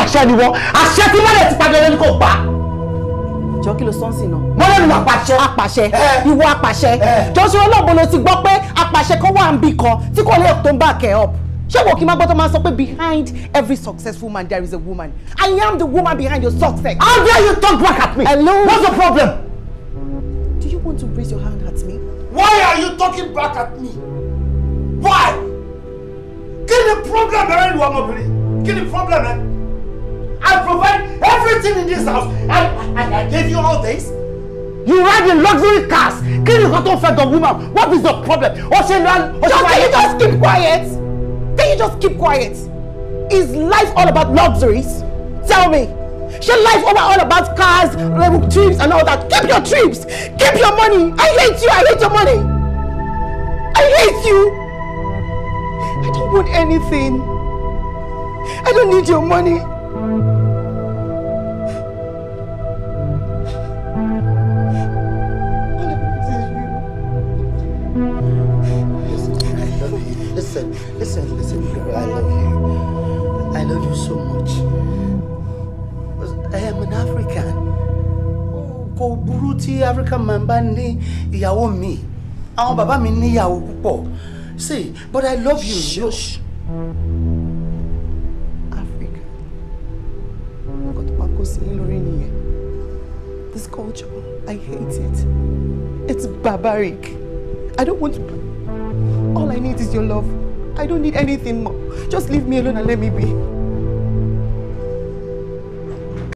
apàṣẹ ni wọ́n àṣẹ tí mọ́lẹ̀ ti padà lórí kò pa. jọ kí ló sọ ń sìn náà. mọ́lẹ̀ ni apàṣẹ. apàṣẹ ìwọ apàṣẹ jọ́sí olóògbé ló ti gbọ́ pé apàṣẹ kan wà ń bì kan tí kò lè tó ń bá kẹ́ up ṣé wò kí n má gbọ́ máa sọ pé behind every successful man there is a woman I am the woman behind your success. how dare you talk back at me. hello what's the problem. do you want to raise your hand at me. why are you talking back at me. why. kí ni problem ẹ ń ọmọbìnrin kí ni problem ẹ. everything in this house and, and I gave you all this. You ride in luxury cars, killing hot fed the woman. What is the problem? Ocean land, John, can you just keep quiet? Can you just keep quiet? Is life all about luxuries? Tell me. Shall life over all about cars, um, trips and all that? Keep your trips. Keep your money. I hate you. I hate your money. I hate you. I don't want anything. I don't need your money. listen, listen, listen, Flora, I love you. I love you so much. I am an African. Kò burú tí African man bá ní ìyàwó mi. Àwọn bàbá mi ní ìyàwó púpọ̀. See, but I love you. Shush. Africa. Nǹkan tó máa kó sí yín lórí nìyẹn. This culture, I hate it. It's barbaric. I don't want to All I need is your love. I don't need anything more. Just leave me alone and let me be.